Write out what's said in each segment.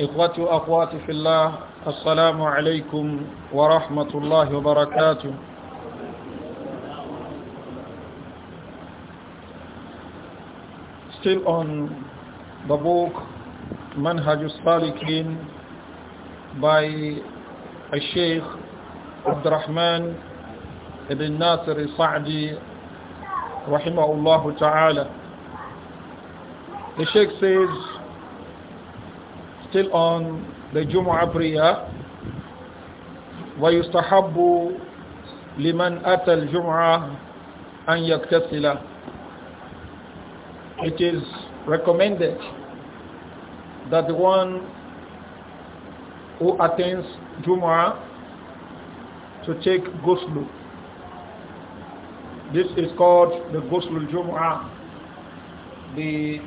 إخوتي وأخواتي في الله السلام عليكم ورحمة الله وبركاته Still on the book Manhaj Salikin by a Sheikh الرحمن بن ناصر الصعدي رحمه الله تعالى The Sheikh says still on the Jumu'ah prayer ويستحب لمن أتى الجمعة أن يكتسل It is recommended that the one who attends Jumu'ah to take ghusl. This is called the ghusl Jumu'ah, the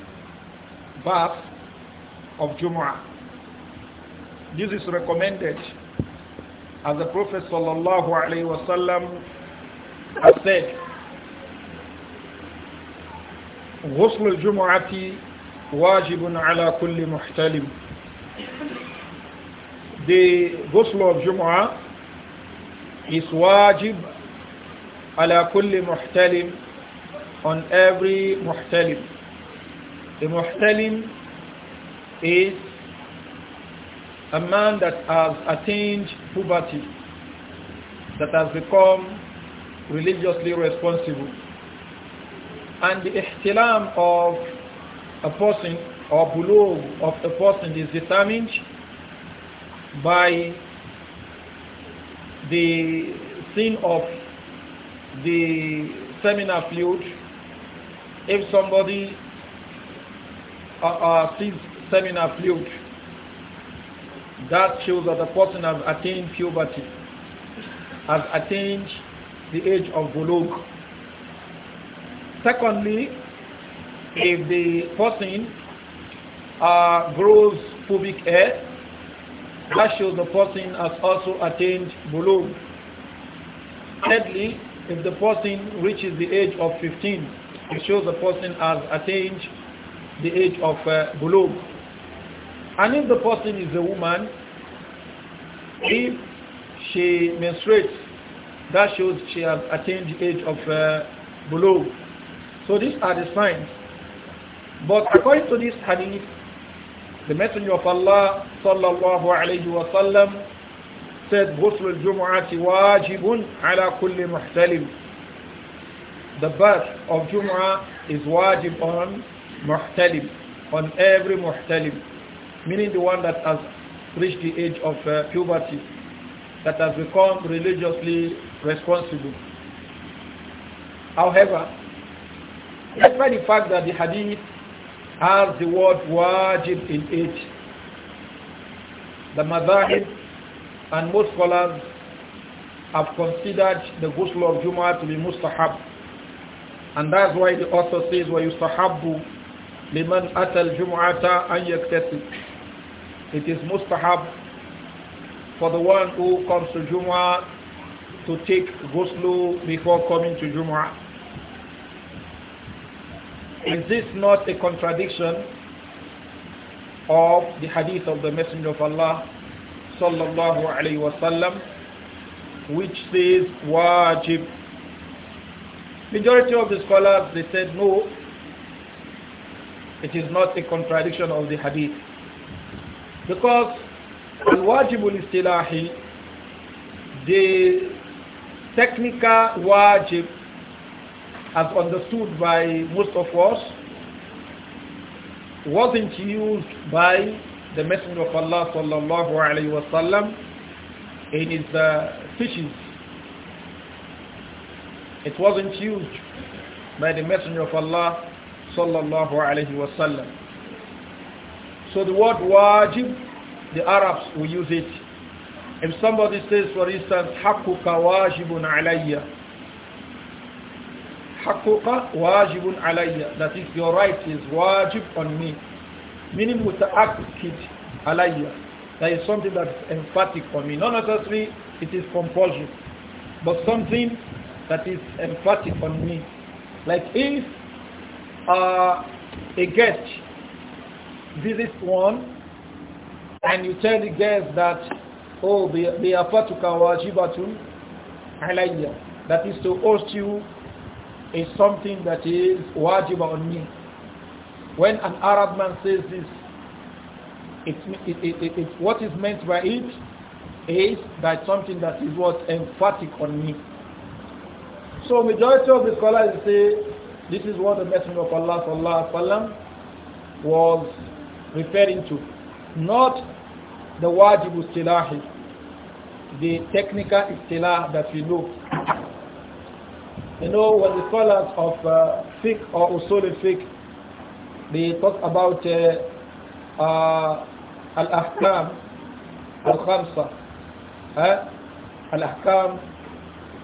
bath of Jumu'ah. This is recommended. As the Prophet sallallahu alaihi wasallam has said, "Ghusl غسل الجمعة wajib على كل muhtalim." The ghusl of Jum'ah is wajib على كل muhtalim. on every muhtalim. The muhtalim is a man that has attained puberty, that has become religiously responsible. And the ihtilam of a person or below of a person is determined by the sin of the seminal fluid. If somebody uh, uh, sees seminal fluid, that shows that the person has attained puberty, has attained the age of bulug. Secondly, if the person uh, grows pubic hair, that shows the person has also attained bulug. Thirdly, if the person reaches the age of 15, it shows the person has attained the age of uh, and if the person is a woman, if she menstruates, that shows she has attained the age of uh, below. So these are the signs. But according to this hadith, the Messenger of Allah sallallahu alayhi wa sallam said, غسل الجمعة واجب على كل محتلم. The birth of Jum'ah is wajib on muhtalim, on every muhtalim meaning the one that has reached the age of uh, puberty, that has become religiously responsible. However, despite the fact that the hadith has the word wajib in it, the madhahib and most scholars have considered the ghusl of Jumu'ah to be mustahab. And that's why the author says, وَيُستَحَبُّ لِمَنْ أَتَى الْجُمُعَةَ أَنْ يَكْتَسِبُ it is mustahab for the one who comes to Jumu'ah to take ghusl before coming to Jumu'ah. Is this not a contradiction of the hadith of the Messenger of Allah sallallahu alayhi wasallam which says wajib majority of the scholars they said no it is not a contradiction of the hadith because al-wajibul istilahi, the technical wajib as understood by most of us, wasn't used by the Messenger of Allah sallallahu alayhi wa sallam in his uh, teachings. It wasn't used by the Messenger of Allah sallallahu alayhi wa sallam. So the word wajib, the Arabs will use it. If somebody says, for instance, حقك wajibun علي. حقك wajibun علي. That is, your right is wajib on me. Meaning متأكد علي. That is something that is emphatic for me. Not necessarily it is compulsory, but something that is emphatic on me. Like if uh, a guest visit one and you tell the guest that, oh, biyafatuka wajibatun alayya. That is to host you is something that is wajib on me. When an Arab man says this, it, it, it, it, what is meant by it is that something that is what emphatic on me. So majority of the scholars say this is what the Messenger of Allah sallallahu alaihi wasallam was referring to, not the wajib istilahi, the technical istilah that we know. You know, when the scholars of uh, fiqh or usul fiqh, they talk about uh, uh, al-ahkam al-khamsa, eh? al-ahkam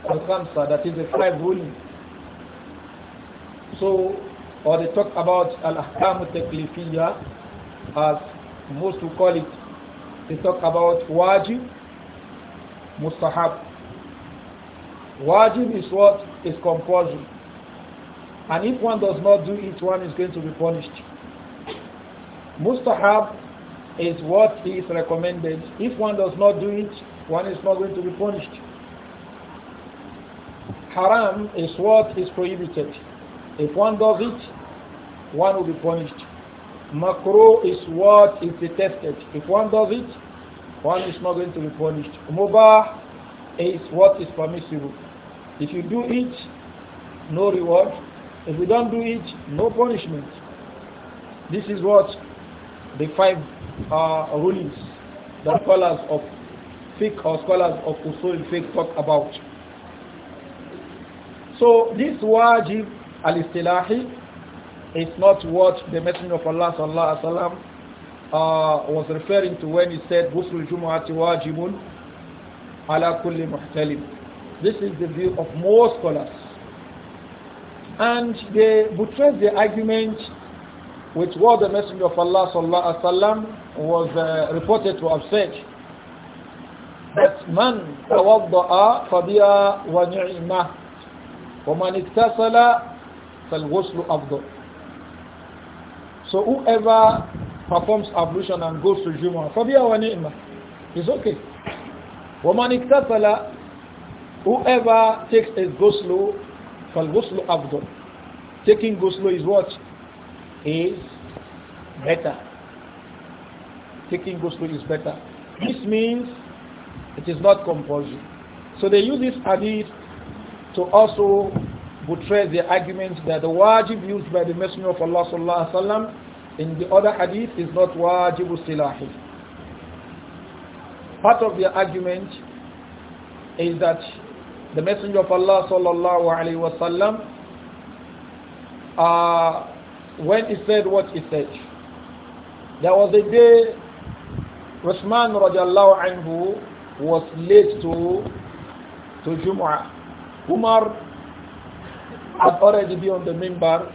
al-khamsa, that is the five rulings. So, or they talk about al-ahkam al-taklifiyah, as most will call it. They talk about wajib, mustahab. Wajib is what is compulsory. And if one does not do it, one is going to be punished. Mustahab is what is recommended. If one does not do it, one is not going to be punished. Haram is what is prohibited. If one does it, one will be punished. Makro is what is detested. If one does it, one is not going to be punished. Mubah is what is permissible. If you do it, no reward. If you don't do it, no punishment. This is what the five uh, rulings that scholars of fiqh or scholars of usul fiqh talk about. So this wajib al-istilahi it's not what the Messenger of Allah sallallahu alaihi wasallam uh, was referring to when he said ghusl jumu'ati wajibun ala kulli muhtalim. This is the view of most scholars. And they buttress the argument with what the Messenger of Allah sallallahu alaihi wasallam was uh, reported to have said that man tawadda'a fabiya wa ni'mah wa man iktasala fal ghuslu afdal so whoever performs ablution and goes to Juma, فَبِيَا وَنِئْمَا It's okay. وَمَنْ اِكْتَفَلَ Whoever takes a ghusl, فَالْغُسْلُ أَفْضَلُ Taking ghusl is what? Is better. Taking ghusl is better. This means it is not compulsory. So they use this hadith to also portray the argument that the wajib used by the Messenger of Allah sallallahu alaihi wasallam in the other hadith is not wajib silahi. Part of the argument is that the Messenger of Allah sallallahu alaihi wasallam uh, when he said what he said, there was a day Uthman radiallahu anhu was late to to Jum'ah. Umar had already been on the minbar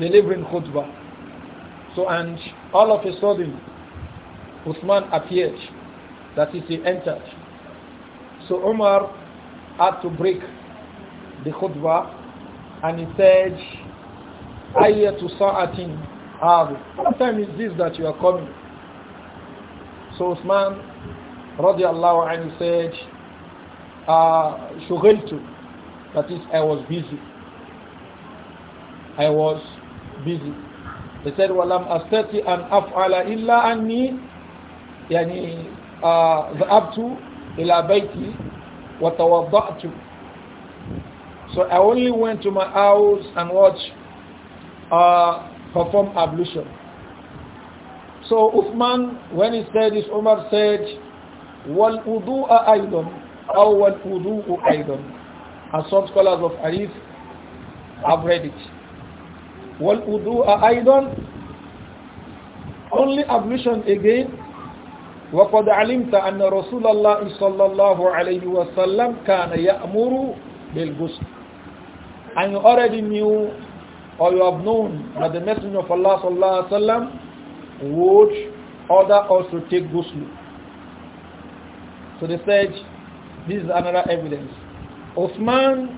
delivering khutbah. So and all of a sudden, Uthman appeared. That is, he entered. So Umar had to break the khutbah and he said, Ayatu sa'atin hadu. What time is this that you are coming? So Uthman radiallahu anhu said, uh, ah, شغلت, That is, I was busy. I was busy. He said, وَلَمْ أَسْتَتِي أَنْ أَفْعَلَ إِلَّا أَنِّي يعني ila bayti wa وتوضأت So I only went to my house and watched, uh, perform ablution. So Uthman, when he said this, Umar said, وَالْوُضُوءَ أَيْضًا أو وَالْوُضُوءُ أَيْضًا And some scholars of Hadith have read it. والوضوء أيضا only ablution again وقد علمت أن رسول الله صلى الله عليه وسلم كان يأمر بالغسل and you already knew or you have known that the messenger of Allah صلى الله عليه وسلم would order us to take ghusl so they said this is another evidence Osman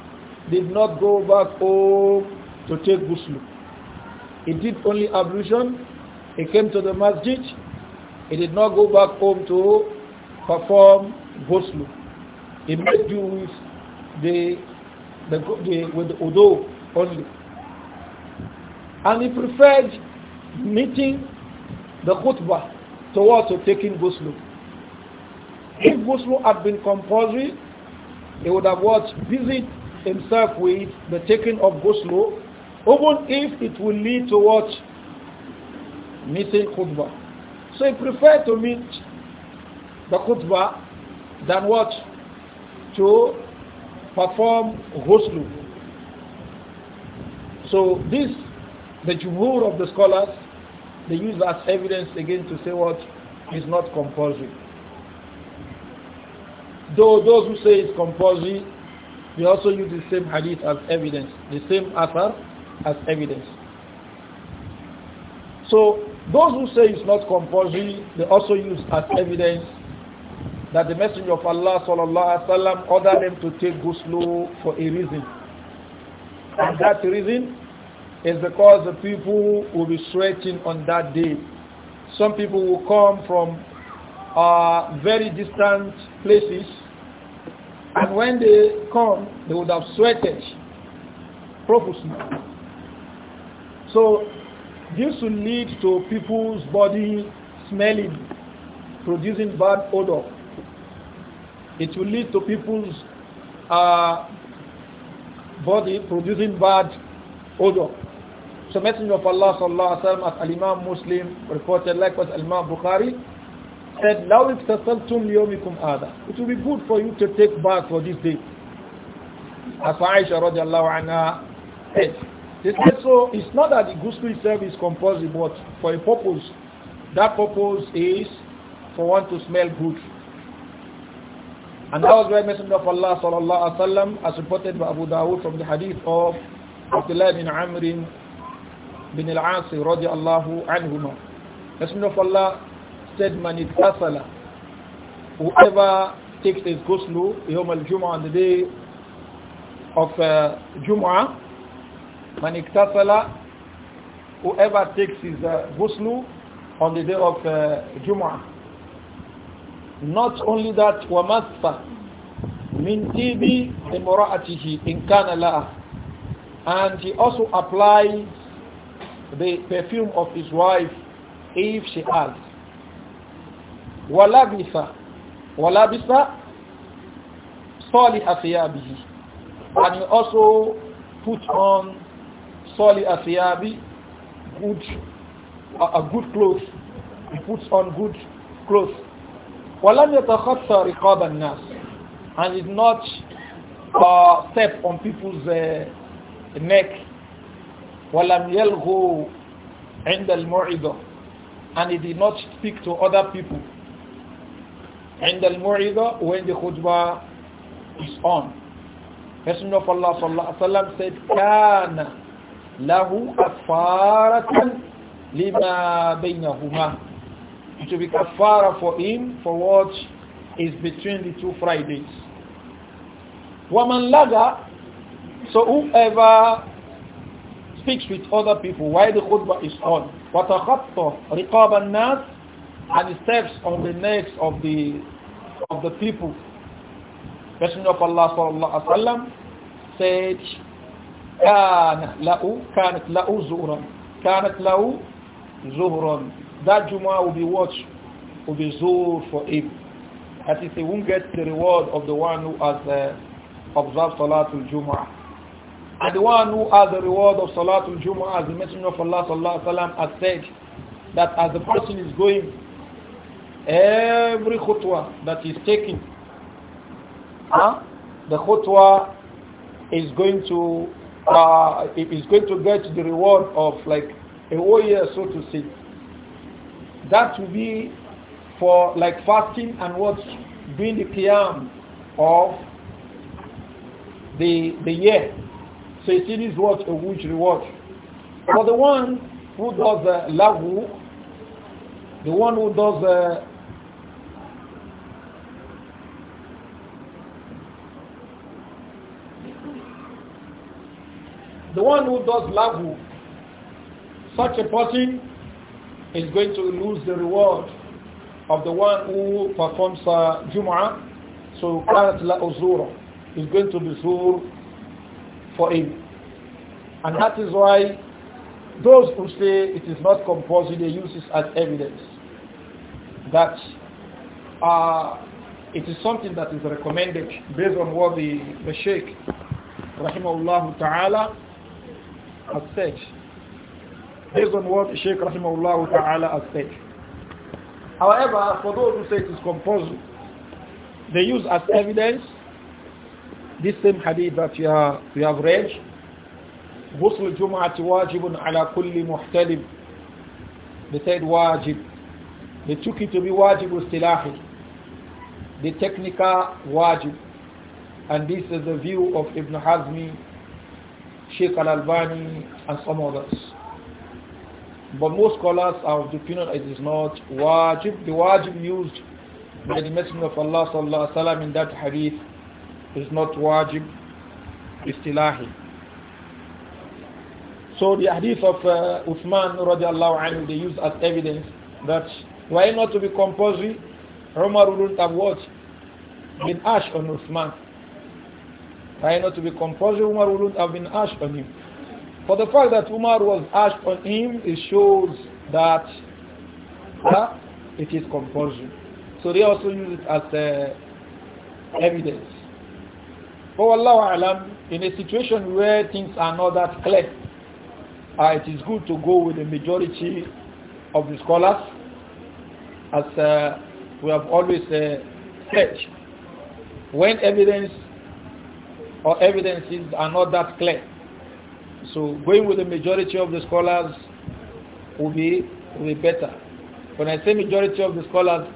did not go back home to take ghusl he did only ablution. He came to the masjid. He did not go back home to perform ghusl. He made do with the, the, the with the udo only. And he preferred meeting the khutbah towards taking ghusl. If ghusl had been compulsory, he would have watched, busied himself with the taking of ghusl even if it will lead to what? Missing khutbah. So he preferred to meet the khutbah than what? To perform ghusl. So this, the jumhur of the scholars, they use as evidence again to say what is not compulsory. Though those who say it's compulsory, they also use the same hadith as evidence, the same author as evidence. So those who say it's not compulsory, they also use as evidence that the Messenger of Allah sallallahu alaihi wasallam ordered them to take ghusl for a reason. And that reason is because the people will be sweating on that day. Some people will come from uh, very distant places and when they come, they would have sweated profusely. So this will lead to people's body smelling, producing bad odor. It will lead to people's uh, body producing bad odor. So Messenger of Allah sallallahu alaihi wasallam as Imam Muslim reported likewise Imam Bukhari said law iktasaltum liyomikum ada." it will be good for you to take bath for this day as Aisha radiallahu anha said they said so it's not that the ghusl itself is compulsory, but for a purpose. That purpose is for one to smell good. And that was where Messenger of Allah sallallahu alaihi wasallam, as reported by Abu Dawud from the hadith of Abdullah bin Amr bin al-As radiallahu anhuma. Messenger of Allah said, "Man ittasala, whoever takes his ghusl he al-Jum'ah on the day of uh, Jum'ah, Man iktasala, whoever takes his uh, ghusl on the day of uh, Jumu'ah. Not only that, وَمَثَّ مِنْ تِيبِ إِمْرَأَتِهِ in كَانَ And he also applies the perfume of his wife if she has. walabisa, وَلَبِثَ صَالِحَ ثِيَابِهِ And he also put on Soli Athiyabi, good, a, good clothes. He puts on good clothes. وَلَمْ يَتَخَطَّ رِقَابَ النَّاسِ And did not uh, step on people's uh, neck. وَلَمْ يَلْغُوا عِنْدَ الْمُعِدَةِ And he did not speak to other people. عند الموعظة when the khutbah is on. Messenger of Allah صلى الله عليه وسلم said كان lahu kafaratan lima bainahuma. It will be kafara for him for what is between the two Fridays. Waman laga, so whoever speaks with other people while the khutbah is on, وَتَخَطَّ رِقَابَ النَّاسِ and steps on the necks of the of the people. Messenger of Allah sallallahu alaihi wasallam said كان له كانت له زهرا كانت له زهرا that Jumu'ah will be watched will be zuhr for him that is he won't get the reward of the one who has uh, observed Salatul Jumu'ah and the one who has the reward of Salatul Jumu'ah as the Messenger of Allah Sallallahu Alaihi has said that as the person is going every khutwa that is taking huh, the khutwa is going to uh, is going to get the reward of like a whole year, so to say. That will be for like fasting and what doing the qiyam of the the year. So it is what a huge reward. For the one who does uh, lavu, the one who does uh, the one who does lagu, such a person is going to lose the reward of the one who performs uh, Jum'ah. So قالت la أزوره is going to be sur for him. And that is why those who say it is not compulsory, they use it as evidence that uh, it is something that is recommended based on what the, the Sheikh, rahimahullah ta'ala, as such, based on what Sheikh Rahimahullah Ta'ala has said. However, for those who say it is composed, they use as evidence this same hadith that we, we have read, غسل الجمعة واجب على كل محتلم. They said wajib. They took it to be wajib istilahi, the technical wajib. And this is the view of Ibn Hazmi Sheikh Al-Albani and some others. But most scholars are of the opinion it is not wajib. The wajib used by the Messenger of Allah sallallahu alaihi wasallam in that hadith is not wajib istilahi. So the hadith of uh, Uthman radiallahu anhu they use as evidence that why not to be compulsory? Umar wouldn't have what? Been ash on Uthman. I not to be compulsory, Umar wouldn't have been asked on him. For the fact that Umar was asked on him, it shows that uh, it is compulsory. So they also use it as uh, evidence. But oh, Allah Alam, in a situation where things are not that clear, uh, it is good to go with the majority of the scholars, as uh, we have always uh, said. When evidence or evidences are not that clear. So going with the majority of the scholars will be, will be better. When I say majority of the scholars,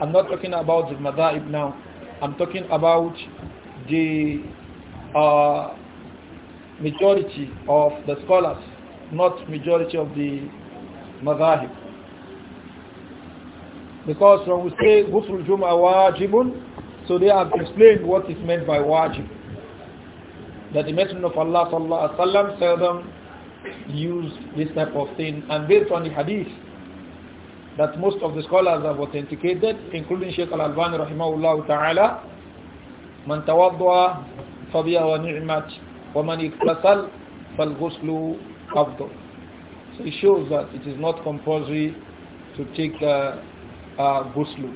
I'm not talking about the Madhab now. I'm talking about the uh, majority of the scholars, not majority of the Madhab. Because when we say Ghusl Jum'ah wajibun, so they have explained what is meant by wajib that the Messenger of Allah sallallahu alaihi wasallam seldom used this type of thing. And based on the hadith that most of the scholars have authenticated, including Sheikh Al-Albani rahimahullah ta'ala, من تواضع فبيا ونعمت ومن اكتسل فالغسل أفضل. So it shows that it is not compulsory to take uh, uh, ghusl.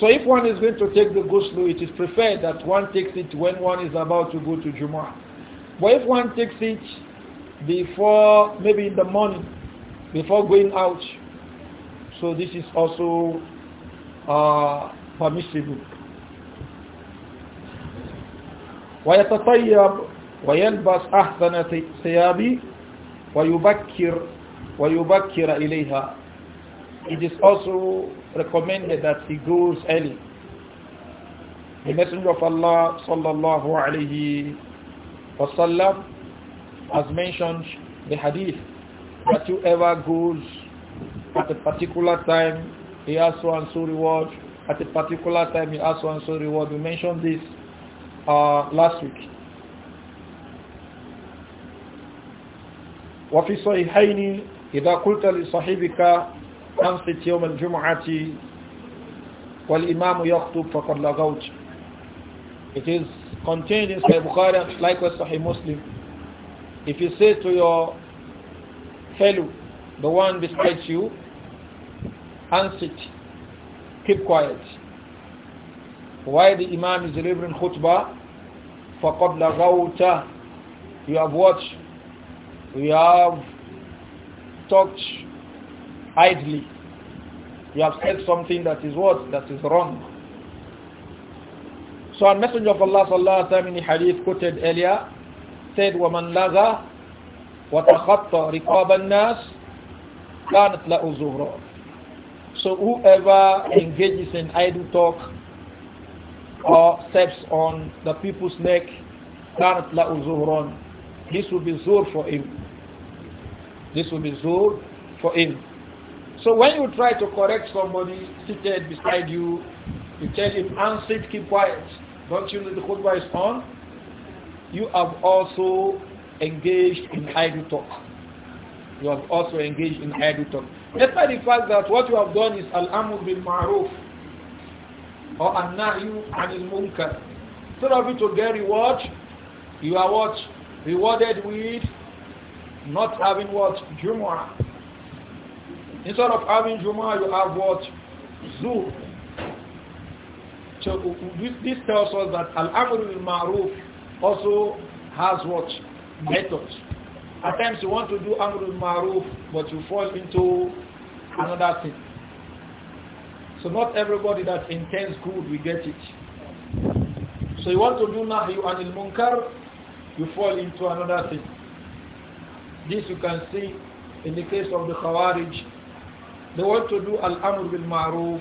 So if one is going to take the ghusl, it is preferred that one takes it when one is about to go to Jumu'ah. But if one takes it before, maybe in the morning, before going out, so this is also uh, permissible. ويتطيب ويلبس أحسن ثيابه ويبكر ويبكر إليها. It is also recommended that he goes early. The Messenger of Allah sallallahu alayhi wasallam has mentioned the hadith that whoever goes at a particular time he has so so reward at a particular time he has so so reward we mentioned this uh, last week وفي صحيحين إذا قلت لصاحبك أنصت يوم الجمعة والإمام يخطب فقد لغوت It is contained in Sahih Bukhari and likewise Sahih Muslim. If you say to your fellow, the one beside you, unsit, keep quiet. Why the Imam is delivering khutbah? فَقَدْ لَغَوْتَ You have watched, you have talked idly. You have said something that is what? That is wrong. So a messenger of Allah sallallahu alaihi wasallam in hadith quoted earlier said, وَمَنْ لَغَى وَتَخَطَّ رِقَابَ النَّاسِ كَانَتْ لَهُ زُهْرًا So whoever engages in idle talk or steps on the people's neck, كَانَتْ لَهُ زُهْرًا This will be zur for him. This will be zur for him. So when you try to correct somebody seated beside you, you tell him, unseat, keep quiet. Don't you know the khutbah is on? You have also engaged in idle talk. You have also engaged in idle talk. Despite the fact that what you have done is al-amr bil ma'ruf or an-nahyu anil munkar. Instead of you to get reward, you are what? Rewarded with not having what? Jumu'ah Instead of having Juma, you have what? Zuhr. So this tells us that Al-Amr al-Ma'ruf also has what? Methods. At times you want to do Amr al-Ma'ruf, but you fall into another thing. So not everybody that intends good will get it. So you want to do Nahyu in Munkar, you fall into another thing. This you can see in the case of the Khawarij they want to do al-amr bil ma'ruf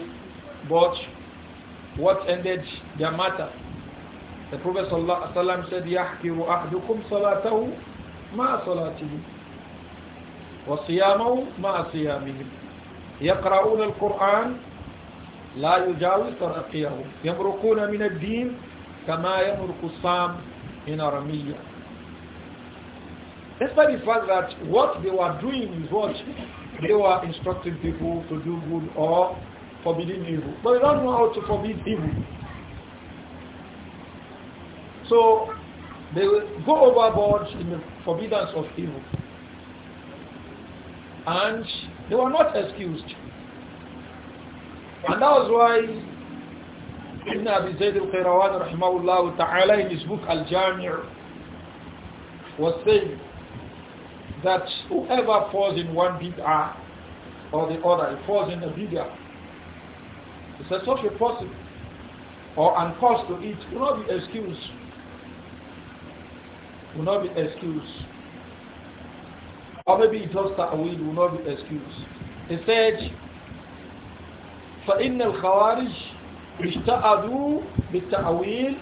but what ended their matter the prophet sallallahu alaihi wasallam said yahqiru ahdukum salatahu ma salatihi wa siyamahu ma siyamihi yaqra'una al-quran لا يجاوز ترقيهم يمرقون من al كما يمرق الصام من رمية Despite the fact that what they were doing is what they were instructing people to do good or forbidding evil. But they don't know how to forbid evil. So they go overboard in the forbiddance of evil. And they were not excused. And that was why Ibn Abi Zayd al-Qayrawan rahimahullah ta'ala in his book al Jamir was saying that whoever falls in one R or the other, he falls in a bigger. It's a social a person or and cause to it will not be excuse. Will not be excuse. Or maybe it just ta'wil will not be excuse. He said, فإن الخوارج اجتأدوا بالتأويل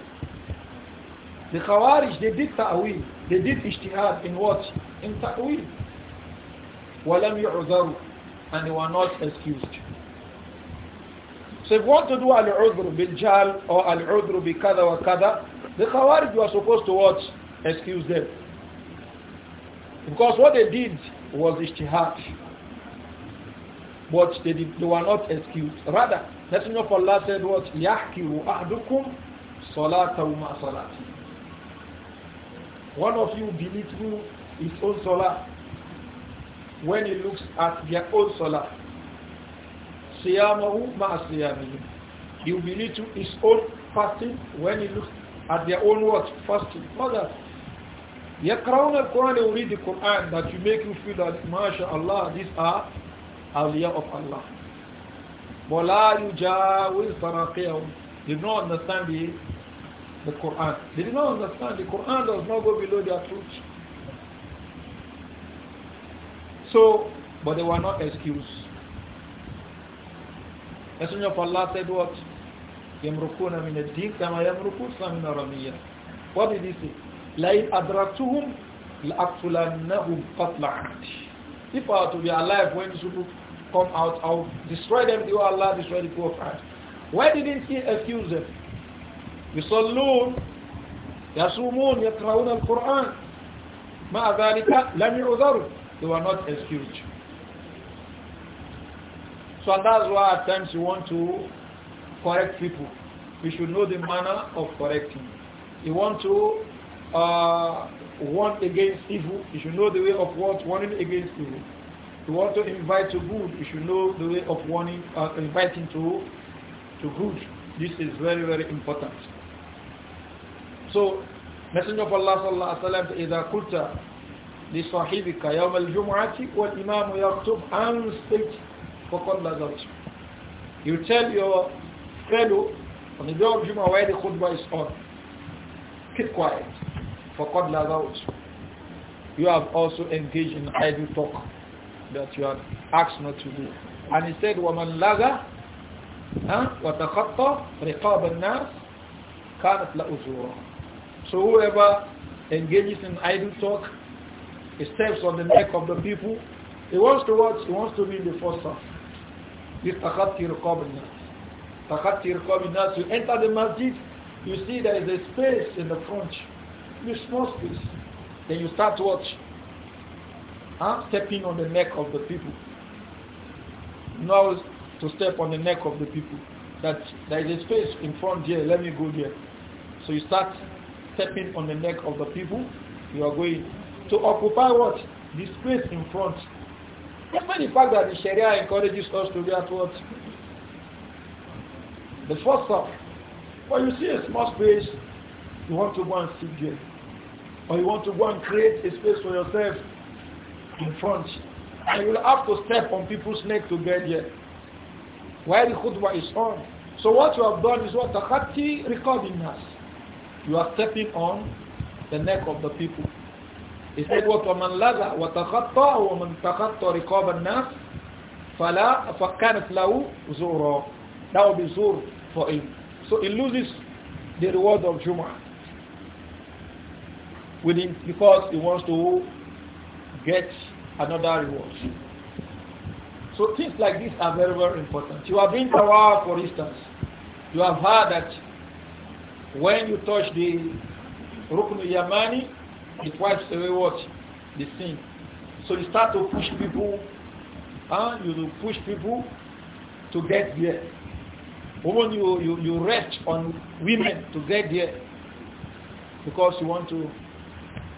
The Khawarij, they did ta'wil. They did ijtihad in what? In ta'wil. وَلَمْ يُعْذَرُوا And they were not excused. So if you want to do al-udhru bil-jal or al-udhru bi-kada wa kada, the Khawarij were supposed to what? Excuse them. Because what they did was ijtihad. But they, did, they were not excused. Rather, Messenger of Allah said what? يحكي أَحْدُكُمْ صلاة وما صَلَاتِهِ one of you belittle his own salah when he looks at their own salah. Siyamahu ma'asiyamihi. He will belittle his own fasting when he looks at their own what? Fasting. Mother, that. يقرأون القرآن they will read the Quran that you make you feel that mashallah these are awliya of Allah. وَلَا يُجَاوِزْ تَرَقِيَهُمْ You do not understand the the Quran. They did not understand the Quran does not go below their truth. So, but they were not excused. Messenger of Allah said what? يمرقون من الدين كما يمرقون من رمية. What did he say? لَإِنْ أَدْرَكْتُهُمْ لَأَقْتُلَنَّهُمْ قَتْلَ عَمْدِ If I are to be alive when these people come out, I'll destroy them Do Allah destroy the poor of Why didn't he excuse them? يصلون يصومون يقرؤون القرآن مع ذلك لم يعذروا they were not excused so that's why at times you want to correct people you should know the manner of correcting you want to uh, warn against evil you should know the way of what warning against evil you want to invite to good you should know the way of warning uh, inviting to to good this is very very important So, Messenger of Allah sallallahu alaihi wasallam, idha إذا قلت لصاحبك يوم الجمعة والإمام يخطب and speak فقد لغوت. You tell your fellow on the day of Jum'ah where the khutbah is on, keep quiet. فقد لغوت. You have also engaged in idle talk that you are asked not to do. And he said, laga ها وَتَخَطَّى رِقَابَ النَّاسِ كَانَتْ لَأُزُورًا So whoever engages in idle talk, he steps on the neck of the people. He wants to watch, he wants to be in the first half. This takati rukabinat. Takati rukabinat. You enter the masjid, you see there is a space in the front. This small space. Then you start to watch. I'm stepping on the neck of the people. Now to step on the neck of the people. That there is a space in front here, let me go there. So you start stepping on the neck of the people you are going to occupy what? The space in front. Despite the fact that the Sharia encourages us to be at what? The first stop. When you see a small space, you want to go and sit there. Or you want to go and create a space for yourself in front. And you will have to step on people's neck to get there. While the khutbah is on. So what you have done is what? Takati recording us. You are stepping on the neck of the people. He said, "What وَمَنْ لَذَى وَتَخَطَّى وَمَنْ تَخَطَّى رِقَابَ النَّاسِ فَلَا فَكَانَتْ لَهُ زُورًا That will be zur for him. So he loses the reward of Jum'ah with him because he wants to get another reward. So things like this are very, very important. You have been tawaf, for instance. You have heard that when you touch the Rukun Yamani, it wipes away what? The sin. So you start to push people, huh? you push people to get there. Women, you, you, you rest on women to get there because you want to.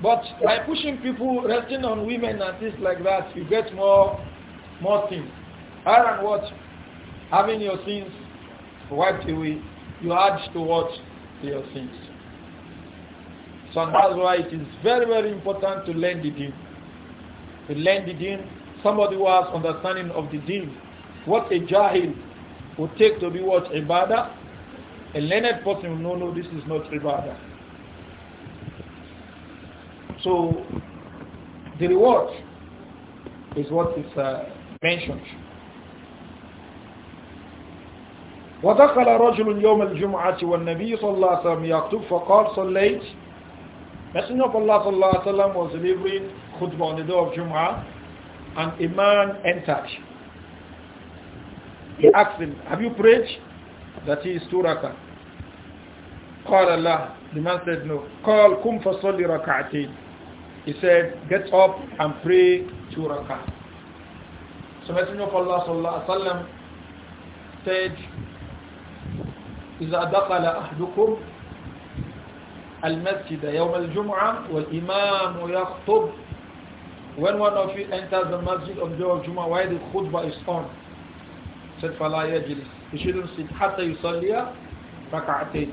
But by pushing people, resting on women and things like that, you get more, more things. Iron what? Having your sins wiped away, you add to what? your sins. So that's why it is very, very important to learn the deal. To learn the deal, somebody who has understanding of the deal, What a jahil would take to be what? Ibadah. A learned person will know, no, this is not ibadah. So the reward is what is uh, mentioned. ودخل رجل يوم الجمعة والنبي صلى الله عليه وسلم يكتب فقال صليت Messenger of Allah صلى الله عليه وسلم was delivering khutbah on the day of Jum'ah and a man entered. He asked him, have you prayed? That is two rakah. قال Allah. The man said no. قال كم فصلي ركعتين. He said, get up and pray two rakah. So Messenger of Allah صلى الله عليه وسلم said, إذا دخل أحدكم المسجد يوم الجمعة والإمام يخطب when one of you enters the masjid on the day of Jum'ah while the khutbah is on said فلا يجلس he shouldn't sit حتى يصلي ركعتين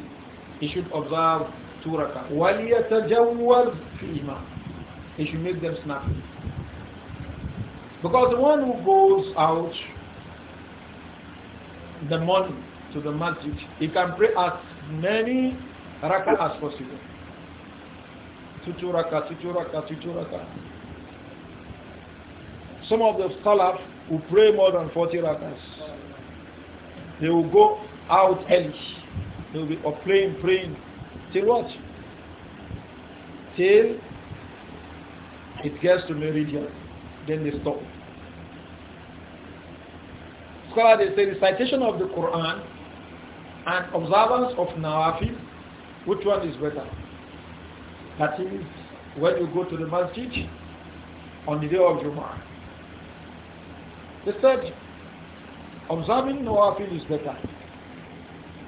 he should observe two ركعة وليتجوز في إمام he should make them snap because the one who goes out the morning to the masjid, he can pray as many rak'ah as possible. Two rak'ah, two rak'ah, two rak'ah. Some of the scholars will pray more than 40 rak'ahs. They will go out early. They will be up praying, praying. Till what? Till it gets to meridian. Then they stop. Scholars they say the citation of the Quran and observance of nawafil, which one is better? That is, when you go to the masjid on the day of Jum'ah. They said, observing nawafil is better.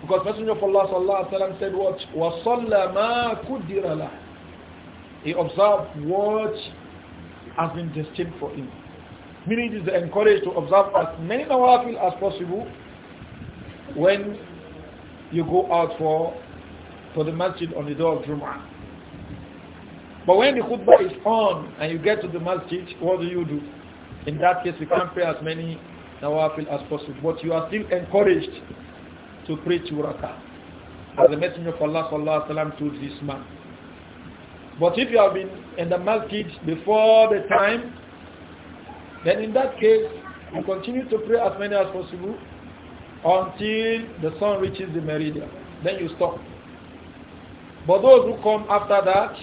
Because Messenger of Allah sallallahu alaihi wasallam said what? وَصَلَّ مَا قُدِّرَ لَهُ He observed what has been destined for him. Meaning it is encouraged to observe as many nawafil as possible when you go out for, for the masjid on the day of Jum'ah. But when the khutbah is on and you get to the masjid, what do you do? In that case, you can't pray as many nawafil as possible. But you are still encouraged to pray two rakah. As the Messenger of Allah sallallahu alayhi told this man. But if you have been in the masjid before the time, then in that case, you continue to pray as many as possible until the sun reaches the meridian. Then you stop. But those who come after that,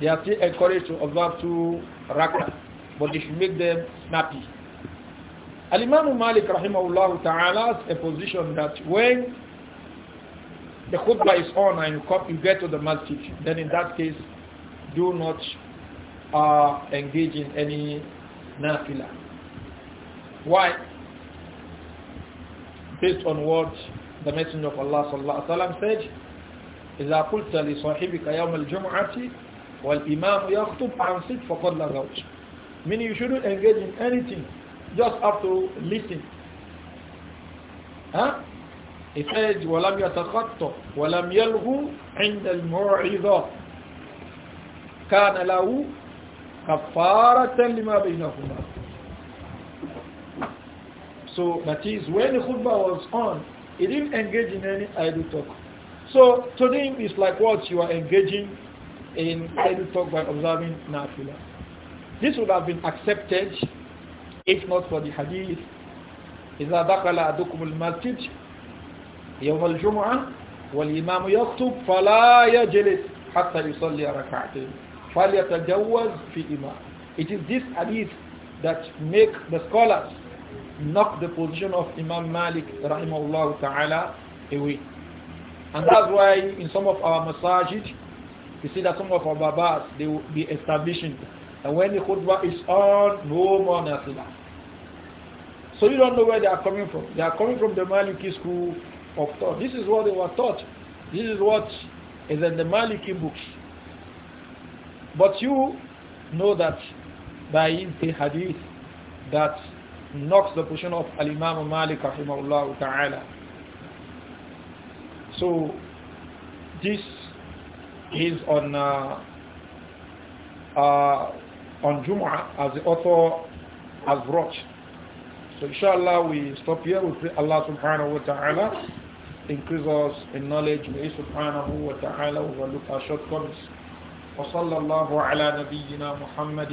they are still encouraged to observe two rakah, but they should make them snappy. Al-Imam Malik rahimahullah ta'ala a position that when the khutbah is on and you, come, you get to the masjid, then in that case, do not uh, engage in any nafila. Why? based on what the Messenger of Allah sallallahu alaihi wasallam said إذا قلت لصاحبك يوم الجمعة والإمام يخطب عن صدق فقد لا زوج meaning you shouldn't engage in anything just have to listen huh? he said ولم يتخطى ولم يلغو عند الموعظة كان له كفارة لما بينهما So that is when the khutbah was on, he didn't engage in any idle talk. So to is it's like what you are engaging in idle talk by observing nafila. This would have been accepted if not for the hadith. إذا دخل أحدكم المسجد يوم الجمعة والإمام يخطب فلا يجلس حتى يصلي ركعتين فليتجوز في إمام. It is this hadith that make the scholars knock the position of Imam Malik rahimahullah ta'ala away. And that's why in some of our masajid, you see that some of our babas, they will be establishing. And when the khutbah is on, no more nafilah. So you don't know where they are coming from. They are coming from the Maliki school of thought. This is what they were taught. This is what is in the Maliki books. But you know that by the hadith that knocks the position of Al-Imam Malik rahimahullah ta'ala. So this is on uh, uh, on Jum'ah as the author has wrote. So inshallah we stop here. We pray Allah subhanahu wa ta'ala increase us in knowledge. May subhanahu wa ta'ala overlook our shortcomings. وصلى الله على نبينا محمد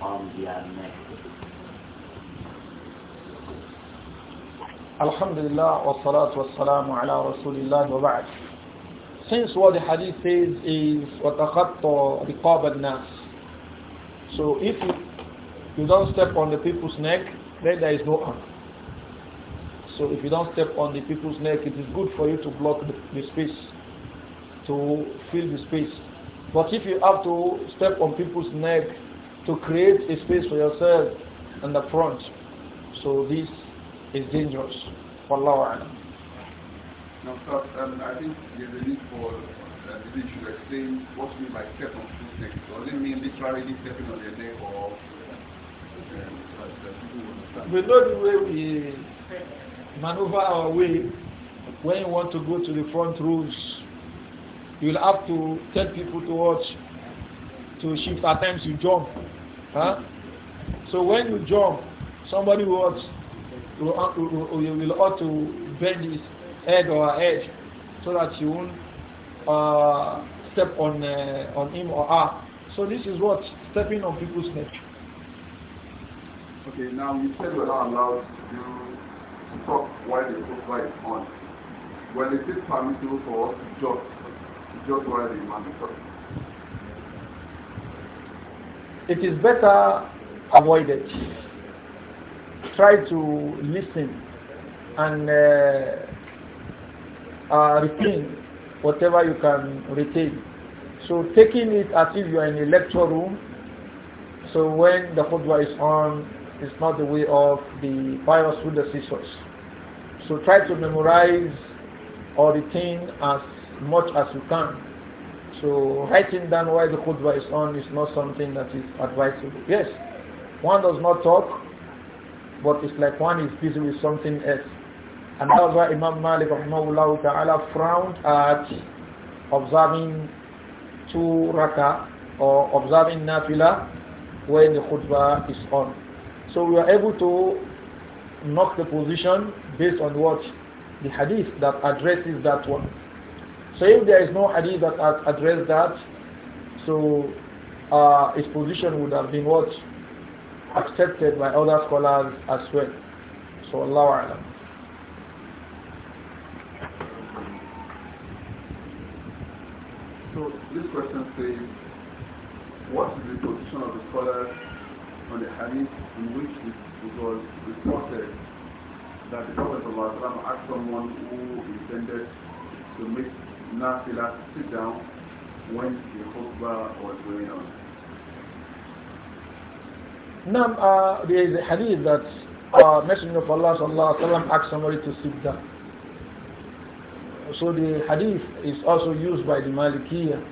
on their neck. Alhamdulillah wa salatu wa salamu Since what the hadith says is وَتَخَطَّ رِقَابَ النَّاسِ So if you don't step on the people's neck, then there is no harm. So if you don't step on the people's neck, it is good for you to block the space, to fill the space. But if you have to step on people's neck to create a space for yourself in the front. So this is dangerous. Wallahu alam. No, sir, um, I think there's a need for uh, the to explain what we by step on two necks. Does it mean literally stepping on the neck or um, uh, we know the way we maneuver our way when you want to go to the front rows you'll have to tell people to watch to shift at times you jump Huh? So when you jump, somebody will, ought, uh, will, will, ought to bend his head or her head so that you won't uh, step on, uh, on him or her. So this is what stepping on people's neck. Okay, now you said we're not allowed to talk while the sofa is on. Well, it permissible for us to jump jump while the imam is talking it is better avoided. Try to listen and uh, uh, retain whatever you can retain. So taking it as if you are in a lecture room, so when the khutbah is on, it's not the way of the virus with the scissors. So try to memorize or retain as much as you can so writing down why the khutbah is on is not something that is advisable. Yes, one does not talk, but it's like one is busy with something else. And that's why Imam Malik rahmahullah ta'ala frowned at observing two rak'ah or observing nafila when the khutbah is on. So we are able to knock the position based on what the hadith that addresses that one. So if there is no hadith that has addressed that, so uh, his position would have been what? Accepted by other scholars as well. So Allah Alam. So this question says, what is the position of the scholars on the hadith in which it was reported that the Prophet asked someone who intended to make nafila to sit down when the khutbah was going on? Now, uh, there is a hadith that uh, Messenger of Allah sallallahu alaihi wasallam asked somebody to sit down. So the hadith is also used by the Malikiya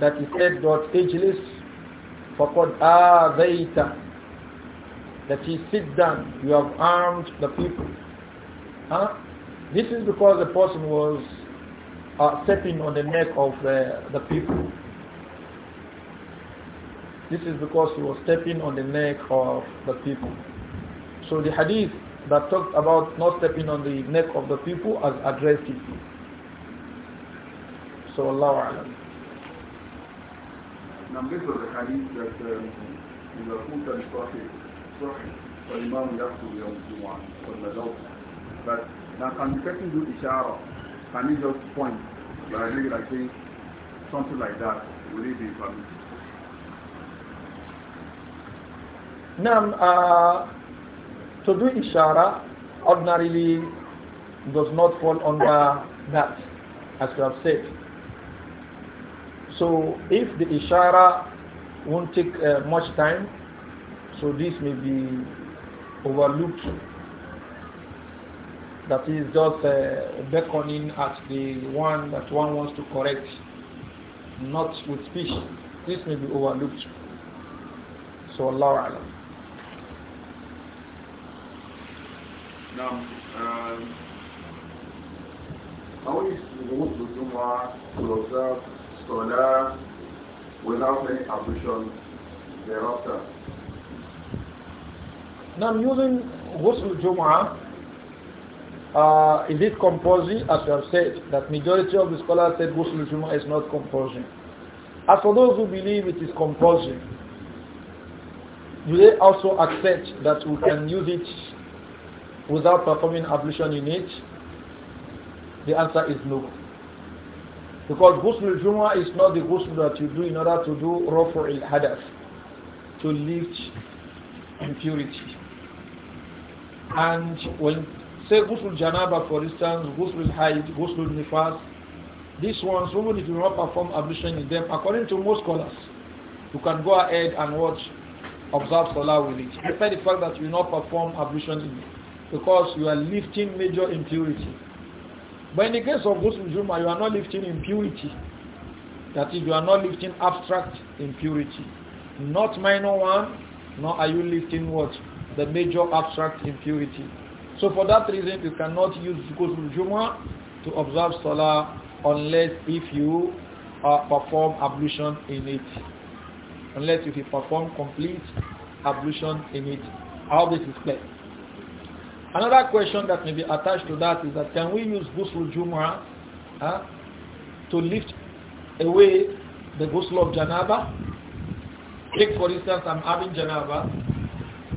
that he said that ageless faqad azaita that he sit down, you have armed the people. Huh? This is because the person was are stepping on the neck of uh, the people. This is because he was stepping on the neck of the people. So the hadith that talked about not stepping on the neck of the people has addressed it. So Allah Alam. Now this was a hadith that um, in the Quran Sahih, Sahih, for Imam Yaqub Yom one for the But now can the person do ishara? Can he just point like maybe like something like that, will it be permitted? Now, uh, to do ishara ordinarily does not fall under that, as we have said. So if the ishara won't take uh, much time, so this may be overlooked that is just uh, beckoning at the one that one wants to correct, not with speech. This may be overlooked. So Allah Now, um, how is the Muslim to observe Salah without any ablution thereafter? Now, using Ghusl Jum'ah uh, is it compulsory? As we have said, that majority of the scholars said ghusl al jumu'ah is not compulsory. As for those who believe it is compulsory, do they also accept that we can use it without performing ablution in it? The answer is no. Because ghusl al jumu'ah is not the ghusl that you do in order to do rafu il hadath, to lift impurity. And when Say Ghusl Janaba for instance, Ghusl Haid, Ghusl Nifas, these ones, even if you do not perform ablution in them, according to most scholars, you can go ahead and watch, observe Salah with it. Despite the fact that you do not perform ablution in it, because you are lifting major impurity. But in the case of Ghusl Juma, you are not lifting impurity. That is, you are not lifting abstract impurity. Not minor one, nor are you lifting what? The major abstract impurity. So for that reason, you cannot use Ghusl Jumu'ah to observe Salah unless if you uh, perform ablution in it. Unless if you perform complete ablution in it. How this is played? Another question that may be attached to that is that can we use Ghusl Jumu'ah uh, to lift away the Ghusl of Janaba? Take for instance, I'm having Janaba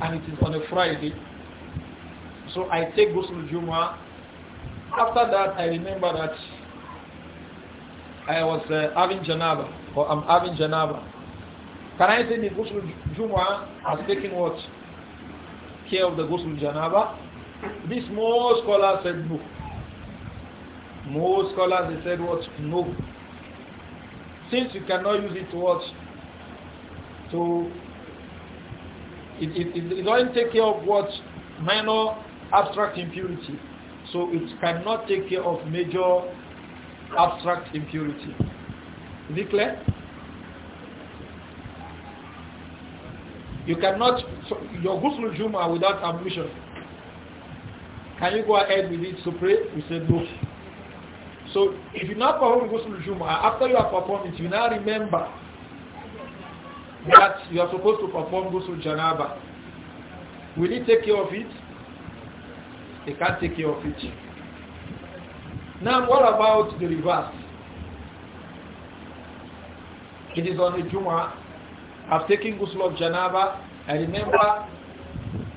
and it is on a Friday so I take Ghusl Juma. After that, I remember that I was uh, having Janaba, or I'm having Janaba. Can I say the Ghusl Juma has taken what? Care of the Ghusl Janaba? This most scholars said no. Most scholars they said what? No. Since you cannot use it to what? To it, it, it, doesn't take care of what minor abstract impurity. So it cannot take care of major abstract impurity. Is it clear? You cannot, so your ghusl juma without ablution. Can you go ahead with it to pray? We said no. So if you now perform ghusl juma, after you have performed it, you now remember that you are supposed to perform ghusl janaba. Will you take care of it? They can't take care of it. Now what about the reverse? It is on the Juma. I've taken Ghusl of Janaba. I remember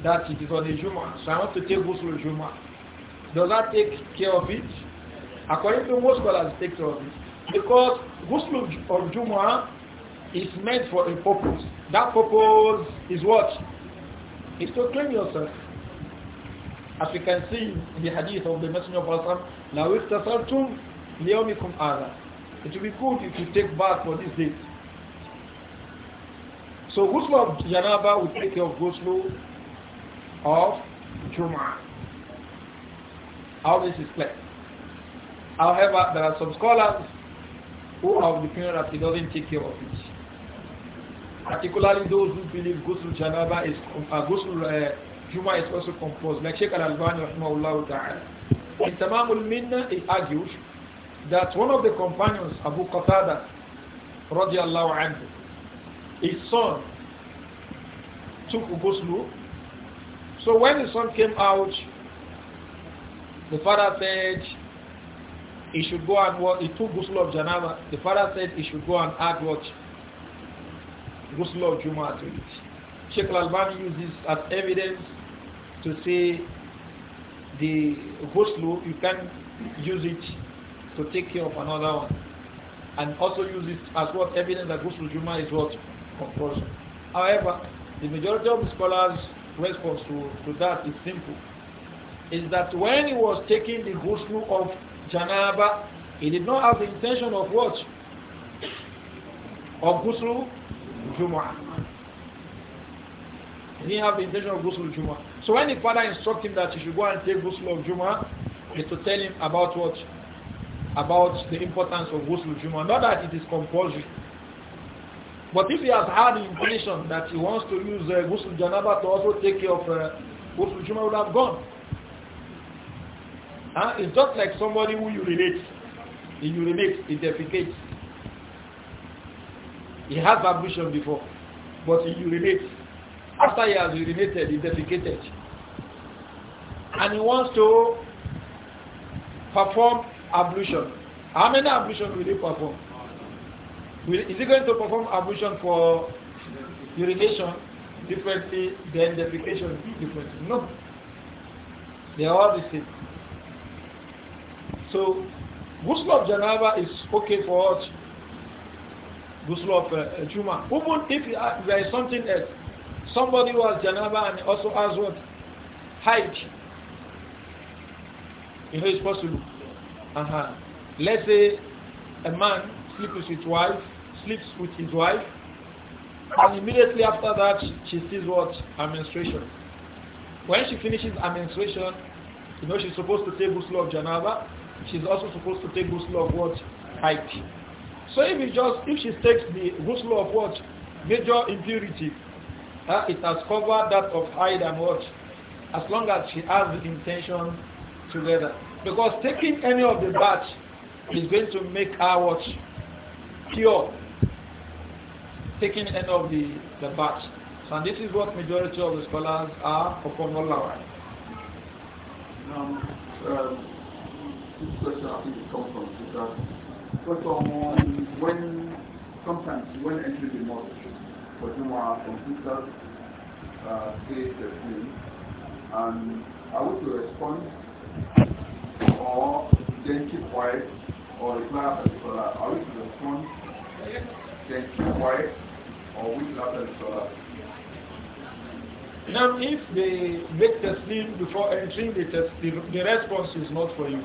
that it is on the Juma. So I want to take Ghusl of Juma. Does that take care of it? According to most scholars, it takes care of it. Because Ghusl of Juma is meant for a purpose. That purpose is what? Is to clean yourself. As we can see in the hadith of the Messenger of Allah, now if tasartum liyawmikum hadha. It will be good if you take bath for this date. So ghusl of janaba will take care of ghusl of Jum'ah. How this is clear. However, there are some scholars who have the opinion that he doesn't take care of it. Particularly those who believe ghusl janaba is uh, ghusl uh, Juma is also composed, like Sheikh Al-Albani rahimahullah ta'ala. In Tamamul Minna, he argues that one of the companions, Abu Qatada, radiallahu anhu, his son took Ghuslu. So when his son came out, the father said he should go and what? He took Ghuslu of Janaba. The father said he should go and add what? Ghuslu of Juma to it. Sheikh Al-Albani uses this as evidence to say the ghusl, you can use it to take care of another one. And also use it as what evidence that ghusl juma is what compulsion. However, the majority of the scholars' response to, to that is simple. Is that when he was taking the ghusl of janaba, he did not have the intention of what? Of ghusl juma. He didn't have the intention of ghusl juma. So when the father instructs him that he should go and take ghusl of Juma, is to tell him about what? About the importance of ghusl of Juma. Not that it is compulsory. But if he has had the intention that he wants to use uh, ghusl janaba to also take care of uh, ghusl Juma would have gone. Huh? It's just like somebody who urinates. He urinates, he defecates. He has ablution before, but he urinates. After he has urinated, he defecated and he wants to perform ablution. How many ablutions will he perform? is he going to perform ablution for irrigation differently than defecation differently? No. They are all the same. So, Ghusl of Janaba is okay for us. Ghusl of uh, Juma. Even if there is something else, somebody who has Janaba and also has what? Hajj you know it's possible. Uh-huh. Let's say a man sleeps with his wife, sleeps with his wife, and immediately after that she sees what? Her menstruation. When she finishes her menstruation, you know she's supposed to take ghusl of janaba. She's also supposed to take ghusl of what? Haik. So if it just if she takes the ghusl of what? Major impurity, uh, it has covered that of hide and what? As long as she has the intention together. Because taking any of the batch is going to make our watch pure. Taking any of the, the batch. and this is what majority of the scholars are upon Allah. Um, um, this question I think it comes from because first of all, when sometimes when entering the mosque, for example, some sisters uh, say the thing, and I want to respond or then keep or reply after the Are we to respond, then keep quiet or we have a solar? Now, if they make taslim before entering the taslim, the response is not for you.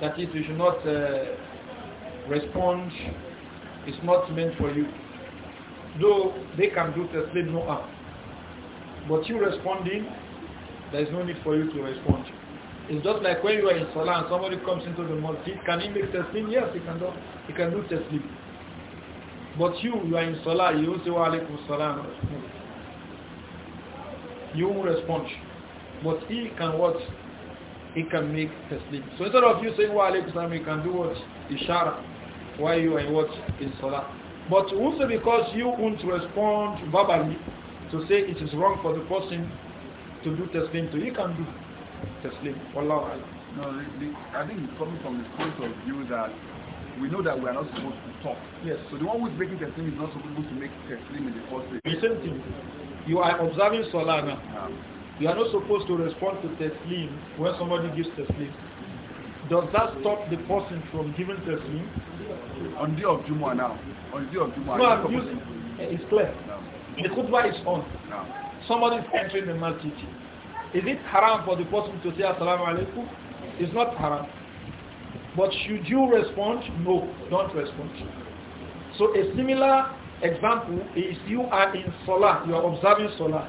That is, you should not uh, respond. It's not meant for you. Though they can do taslim no harm. But you responding, there is no need for you to respond. It's just like when you are in Salah and somebody comes into the mosque, can he make taslim? Yes, he can do, he can do taslim. But you, you are in Salah, you say wa salam. You won't respond. But he can what? He can make taslim. So instead of you saying wa salam, you can do what? Ishara. Why you are in what? In Salah. But also because you won't respond verbally to say it is wrong for the person to do taslim to, you can do Taslim. Wallahu No, the, the, I think it's coming from the point of view that we know that we are not supposed to talk. Yes. So the one who's making Taslim is not supposed to make Taslim in the first place. The same thing. You are observing Salah now. you are not supposed to respond to Teslim when somebody gives Teslim. Does that stop the person from giving Teslim? On the day of Jumu'ah now. On the day of Jumu'ah. No, it's clear. No. The khutbah is on. No. Somebody is entering the masjid is it haram for the person to say assalamu alaikum? It's not haram. But should you respond? No, don't respond. So a similar example is you are in salah, you are observing salah,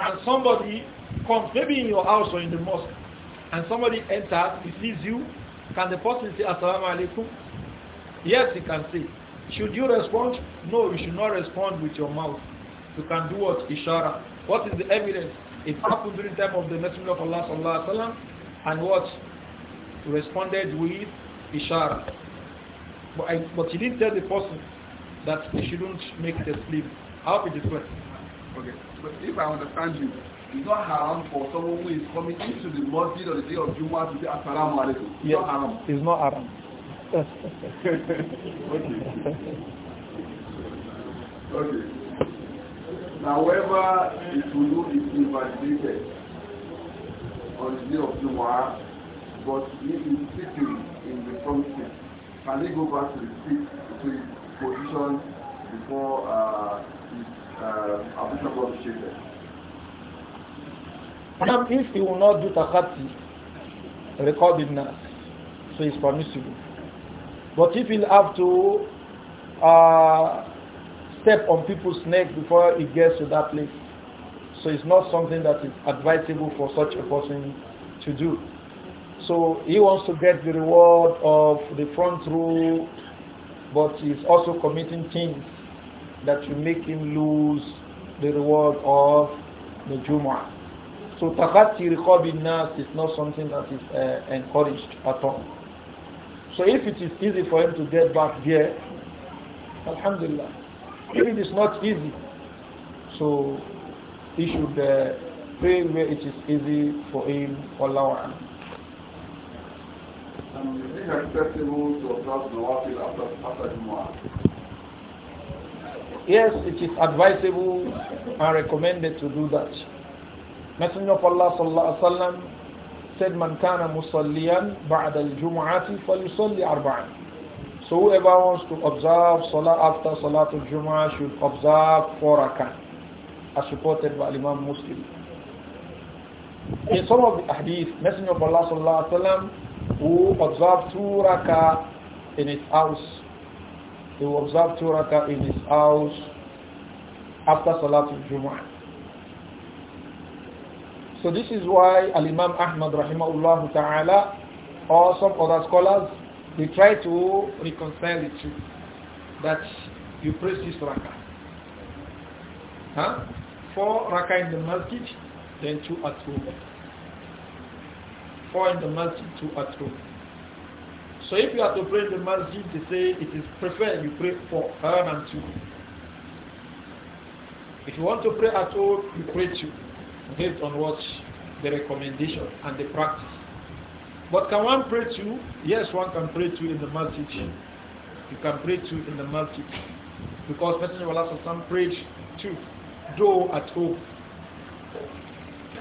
and somebody comes, maybe in your house or in the mosque, and somebody enters, he sees you, can the person say assalamu alaikum? Yes, he can say. Should you respond? No, you should not respond with your mouth. You can do what? Ishara. What is the evidence? It happened during the time of the Messenger of Allah sallallahu alaihi wasallam, and what responded with ishara. But, I, but he didn't tell the person that he shouldn't make the sleep. How it is well. Okay, but if I understand you, it's not haram for someone who is coming into the masjid on the day of Jumu'ah to say assalamu alaikum. It's yes. not haram. It's not haram. okay. okay however it will do is invalidated on the day of Jumu'ah, but he is sitting in the front seat. Can he go back to the seat, to his position before uh, his uh, ablution was shaken? Now, if he will not do takati, recorded nas, so it's permissible. But if he'll have to uh, step on people's neck before it gets to that place. So it's not something that is advisable for such a person to do. So he wants to get the reward of the front row, but he's also committing things that will make him lose the reward of the Jumu'ah. So takati riqabi nas is not something that is uh, encouraged at all. So if it is easy for him to get back there, alhamdulillah. If it is not easy, so he should uh, pray where it is easy for him or Lawan. Um, Yes, it is advisable and recommended to do that. Messenger of Allah sallallahu alaihi wasallam said, "Man kana musalliyan ba'da al-jum'ati falyusalli arba'an." So whoever wants to observe Salah after Salatul Jummah should observe four rakat, as reported by Imam Muslim. In some of the hadith, Messenger of Allah Sallallahu Alaihi Wasallam who observed two rakat in his house, he observed observe two rakat in his house after Salatul Jummah. So this is why Al-Imam Ahmad rahimahullah ta'ala or some other scholars they try to reconcile the two. That you pray six rakah. Huh? Four rakah in the masjid, then two at home. Four in the masjid, two at home. So if you are to pray in the masjid, they say it is preferred you pray four rather than two. If you want to pray at home, you pray two based on what the recommendation and the practice. But can one pray to? Yes, one can pray to in the masjid. You can pray to in the masjid. Because Messenger of Allah Sassan prayed to, though at home.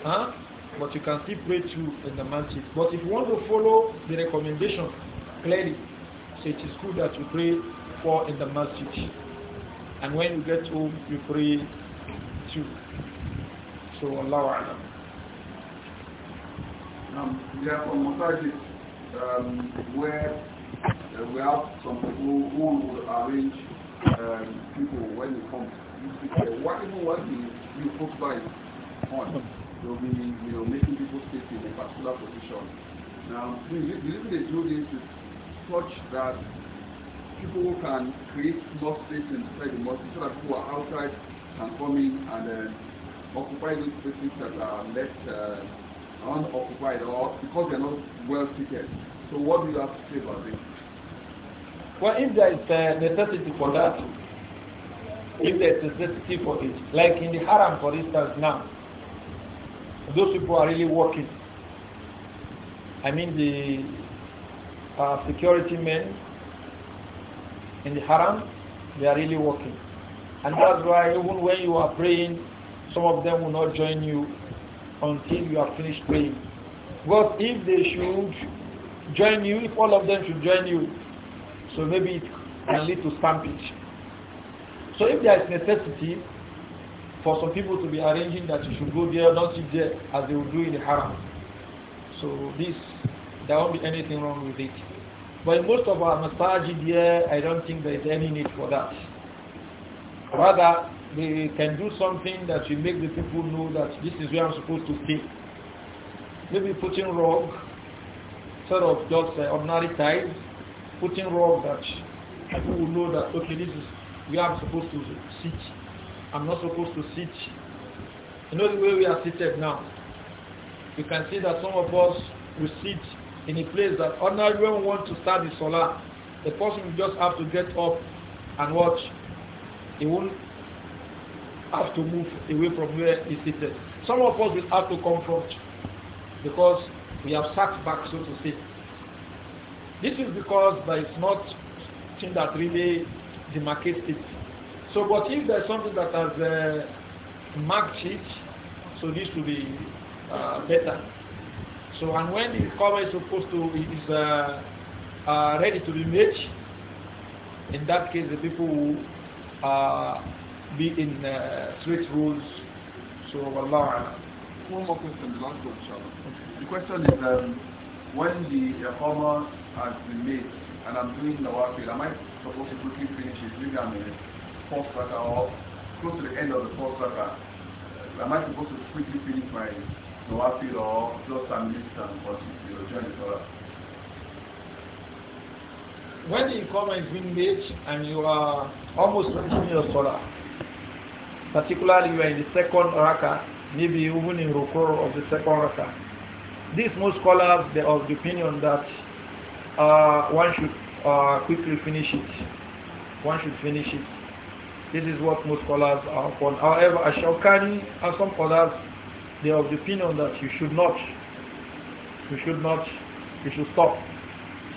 Huh? But you can still pray to in the masjid. But if you want to follow the recommendation clearly, so it is good that you pray for in the masjid. And when you get home, you pray to. So Allah Alam. Um, there are some massages um, where uh, we have some people who will arrange um, people when they come. Uh, what even what you focus by on? They'll be you know making people sit in a particular position. Now, the reason they do this is such that people can create more space inside the mosque so that people are outside can come in and uh, occupy those spaces that are left. Uh, Unoccupied, want to or because they're not well seated. So what do you have to say about this? Well, if there is a uh, necessity for that, if there is necessity for it, like in the haram, for instance, now, those people are really working. I mean, the uh, security men in the haram, they are really working. And that's why even when you are praying, some of them will not join you until you are finished praying. But if they should join you, if all of them should join you, so maybe it can lead to stampede. So if there is necessity for some people to be arranging that you should go there, don't sit there, as they will do in the haram. So this, there won't be anything wrong with it. But in most of our masajid here, I don't think there is any need for that. Rather, they can do something that will make the people know that this is where I'm supposed to stay. Maybe putting rock, sort of just uh, ordinary tiles, putting rock that people will know that, okay, this is where I'm supposed to sit. I'm not supposed to sit. You know the way we are seated now. You can see that some of us will sit in a place that ordinarily when we want to start the solar, the person will just have to get up and watch. He won't have to move away from where he seated. Some of us will have to confront because we have sat back, so to say. This is because there is not thing that really demarcates it. So, but if there's something that has uh, marked it, so this will be uh, better. So, and when the cover is supposed to is uh, uh, ready to be made, in that case, the people who, uh, be in uh, strict rules. So, Allah. One more question, the last one, inshallah. The question is um, when the Iqama has been made and I'm doing Nawafil, am I supposed to quickly finish it? Maybe I'm in fourth raka or close to the end of the fourth raka. Uh, am I supposed to quickly finish my Nawafil or just some minutes and continue to join the Torah? When the Iqama has been made and you are almost finishing your Torah, particularly you are in the second raka, maybe even in rukur of the second raka. These most scholars they are of the opinion that uh, one should uh, quickly finish it. One should finish it. This is what most scholars are upon. However, Ashokani and some others they are of the opinion that you should not, you should not, you should stop.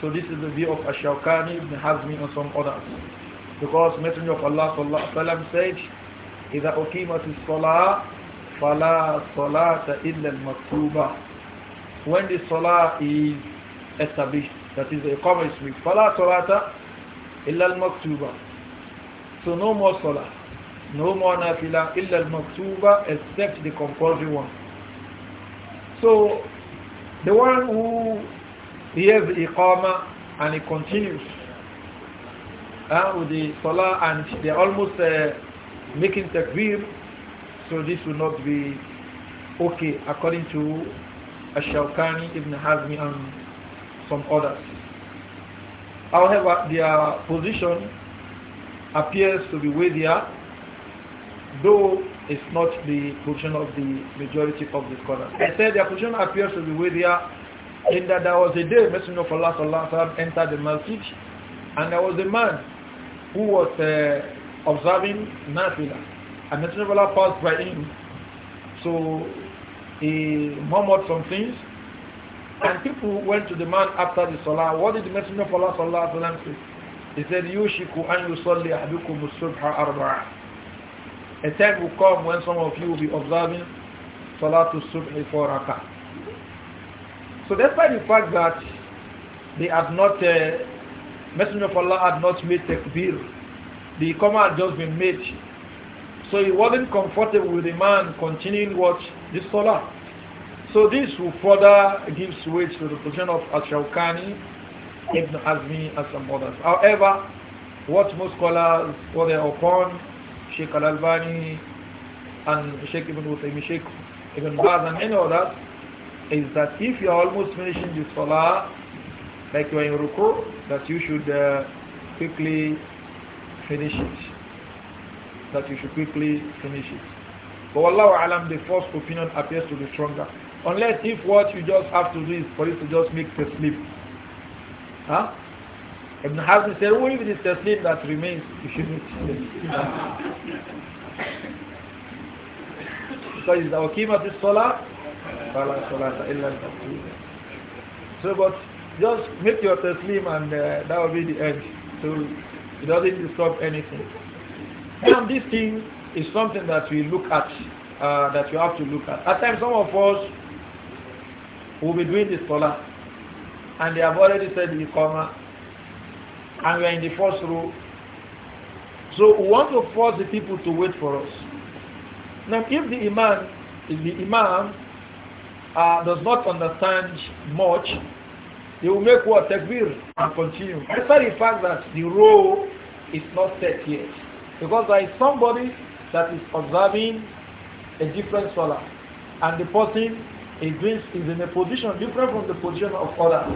So this is the view of Ashokani, Ibn Hazmi and some others. Because Messenger of Allah sallam, said, إذا أقيمت الصلاة فلا صلاة إلا المكتوبة when the salah is established that is the iqama is made فلا صلاة إلا المكتوبة so no more salah no more nafila إلا المكتوبة except the compulsory one so the one who hears the iqama and he continues uh, with the salah and they almost uh, making takbir, so this will not be okay according to Ash-Shawkani, Ibn Hazmi and some others. However, their position appears to be weightier, though it's not the position of the majority of the scholars. They said their position appears to be weightier in that there was a day Messenger of Allah entered the masjid and there was a man who was uh, observing Nafila. And the Allah passed by him. So he murmured some things. And people went to the man after the Salah. What did the Messenger of Allah Sallallahu Alaihi say? He said, Yushiku an yusalli ahdukum subha arba'a. A time will come when some of you will be observing to Subh for rakah. So despite the fact that they had not, uh, Messenger of Allah had not made takbir the coma had just been made. So he wasn't comfortable with the man continuing what this scholar. So this will further gives way to the position of Ashraukani, Ibn Azmi, and some others. However, what most scholars were they upon, Sheikh Al Albani and Sheikh Ibn Uthaymeen, Sheikh Ibn Baz and any others, is that if you are almost finishing the scholar, like you are in ruku, that you should uh, quickly finish it. That you should quickly finish it. But Allah Alam, the first opinion appears to be stronger. Unless if what you just have to do is for you to just make the sleep. Huh? Ibn Hazm said, only if it is the sleep that remains, you should So is our Aqima this Salah? So but just make your taslim and uh, that will be the end. So it doesn't disturb anything. And this thing is something that we look at, uh, that you have to look at. At times, some of us will be doing the solar, and they have already said the comma, and we are in the first row. So we want to force the people to wait for us. Now, if the imam, if the imam uh, does not understand much they will make what? Takbir and continue. Despite the fact that the rule is not set yet. Because there is somebody that is observing a different salah. And the person is, is in a position different from the position of others.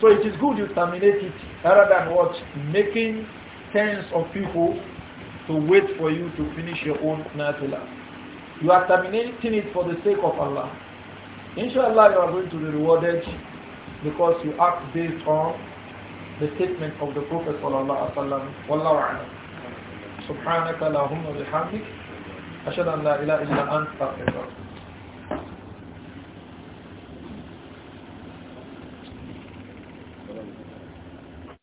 So it is good you terminate it rather than what? Making tens of people to wait for you to finish your own natula. You are terminating it for the sake of Allah. Inshallah, you are going to be rewarded because you act based on the statement of the Prophet sallallahu alaihi wasallam. Wallahu a'lam. سبحانك اللهم وبحمدك أشهد أن لا إله إلا أنت أستغفرك